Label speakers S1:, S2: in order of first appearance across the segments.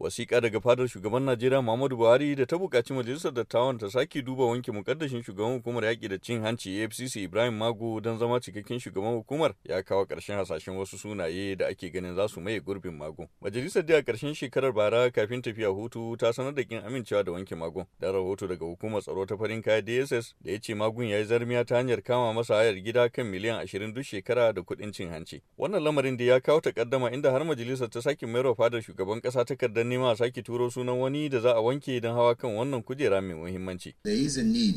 S1: wasiƙa daga fadar shugaban najeriya muhammadu buhari da ta buƙaci majalisar dattawan ta sake duba wanke muƙaddashin shugaban hukumar yaƙi da cin hanci afcc ibrahim mago don zama cikakken shugaban hukumar ya kawo ƙarshen hasashen wasu sunaye da ake ganin za su maye gurbin mago majalisar da a ƙarshen shekarar bara kafin tafiya hutu ta sanar da kin amincewa da wanke magu da rahoto daga hukumar tsaro ta farin kaya dss da ya ce magun ya yi zarmiya ta hanyar kama masa hayar gida kan miliyan ashirin duk shekara da kuɗin cin hanci wannan lamarin da ya kawo takaddama inda har majalisar ta sake mayarwa fadar shugaban ƙasa takardar don nema a sake turo sunan wani da za a wanke don hawa kan wannan kujera mai muhimmanci. There is a need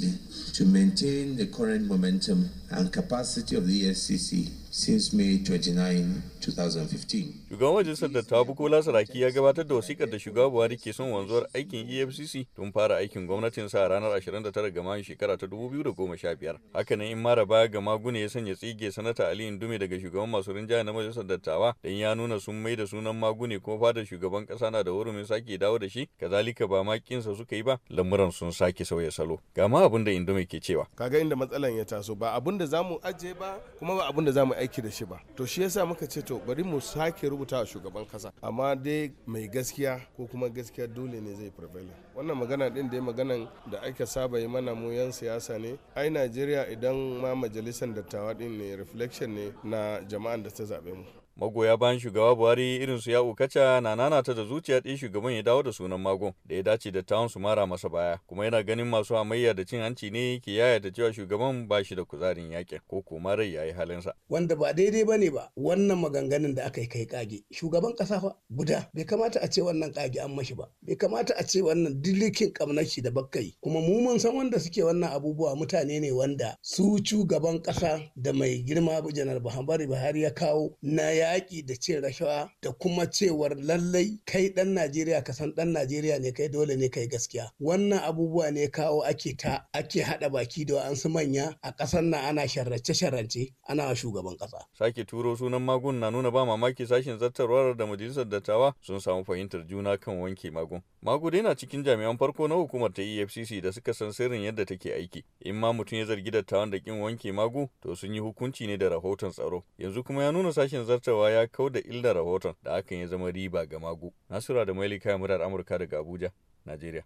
S2: to maintain the current momentum and capacity of the scc. E since May 29, 2015.
S1: Shugaban Majalisar ta Bukola Saraki ya gabatar da wasikar da shugaba Buhari ke son wanzuwar aikin EFCC tun fara aikin gwamnatin sa ranar 29 ga Mayu shekara ta 2015. Hakanan in mara baya ga magune ya sanya tsige sanata Ali Indume daga shugaban masu rinjaya na Majalisar Dattawa dan ya nuna sun mai da sunan magune kuma fadar shugaban kasa na da hurumin sake dawo da shi kazalika ba ma suka yi ba lamuran sun sake sauya salo. Ga ma abin da Indume ke cewa. Kaga inda
S2: matsalan ya taso ba abin da zamu aje ba kuma ba abin da zamu aiki da shi ba to shi yasa muka ce to bari mu sake rubuta a shugaban kasa amma dai mai gaskiya ko kuma gaskiya dole ne zai prevailing wannan magana din dai maganan da aka saba yi mana mu yan siyasa ne ai Najeriya idan ma majalisar dattawa din ne reflection ne na jama'an da ta zabe mu
S1: magoya bayan shugaba buhari irin su ya ukaca na nanata da zuciya ɗin shugaban ya dawo da sunan mago da ya dace da tawon su mara masa baya kuma yana ganin masu hamayya da cin hanci ne ke yaya da cewa shugaban ba shi da kuzarin yakin ko kuma rai ya yi halinsa
S3: wanda ba daidai ba ne ba wannan maganganun da aka yi kai kage shugaban kasa fa guda bai kamata a ce wannan kage an mashi ba bai kamata a ce wannan dilikin kamnaki da bakkai kuma mu mun san wanda suke wannan abubuwa mutane ne wanda su shugaban kasa da mai girma janar buhari ya kawo na yaƙi da cin rashawa da kuma cewar lallai kai ɗan Najeriya ka san ɗan Najeriya ne kai dole ne kai gaskiya. Wannan abubuwa ne kawo ake ta ake haɗa baki da an su manya a ƙasar nan ana sharrace sharrance ana shugaban ƙasa.
S1: Sake turo sunan magun na nuna ba mamaki sashen zattarwar da majalisar dattawa sun samu fahimtar juna kan wanke magun. Magude na cikin jami'an farko na hukumar ta EFCC da suka san sirrin yadda take aiki. In ma mutum ya zargi dattawan da kin wanke magu, to sun yi hukunci ne da rahoton tsaro. Yanzu kuma ya nuna sashen zartawa ya kau da illar rahoton da hakan ya zama riba ga magu. Nasura da Mailika Murar Amurka daga Abuja, Najeriya.